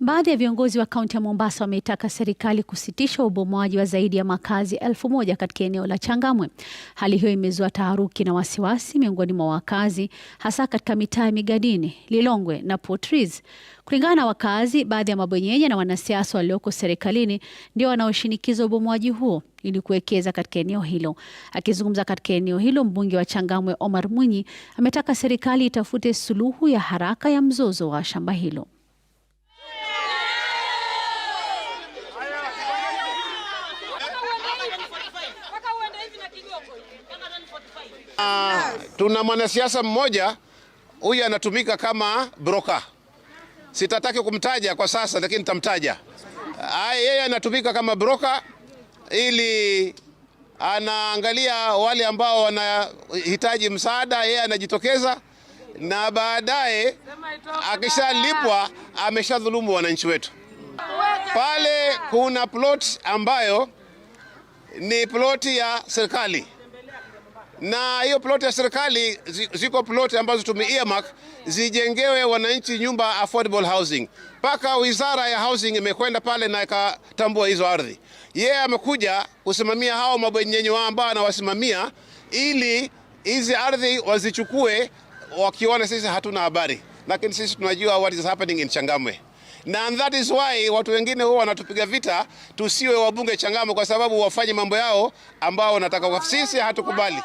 Baadhi ya viongozi wa kaunti ya Mombasa wameitaka serikali kusitisha ubomoaji wa zaidi ya makazi elfu moja katika eneo la Changamwe. Hali hiyo imezua taharuki na wasiwasi miongoni mwa wakazi, hasa katika mitaa ya Migadini, Lilongwe na Portrees. Kulingana na wakazi, baadhi ya mabwenyenye na wanasiasa walioko serikalini ndio wanaoshinikiza ubomoaji huo ili kuwekeza katika eneo hilo. Akizungumza katika eneo hilo, mbunge wa Changamwe Omar Mwinyi ametaka serikali itafute suluhu ya haraka ya mzozo wa shamba hilo. Uh, tuna mwanasiasa mmoja huyu anatumika kama broker. Sitataki kumtaja kwa sasa, lakini nitamtaja. Ah, yeye anatumika kama broker ili anaangalia wale ambao wanahitaji msaada, yeye anajitokeza na baadaye akishalipwa ameshadhulumu wananchi wetu. Pale kuna plot ambayo ni ploti ya serikali, na hiyo ploti ya serikali ziko ploti ambazo tumeearmark zijengewe wananchi nyumba affordable housing. Mpaka wizara ya housing imekwenda pale na ikatambua hizo ardhi. Yeye yeah, amekuja kusimamia hao mabwenyenye ambao anawasimamia ili hizi ardhi wazichukue wakiona sisi hatuna habari, lakini sisi tunajua what is happening in Changamwe na that is why watu wengine huwa wanatupiga vita tusiwe wabunge changamo, kwa sababu wafanye mambo yao ambao wanataka. Sisi hatukubali.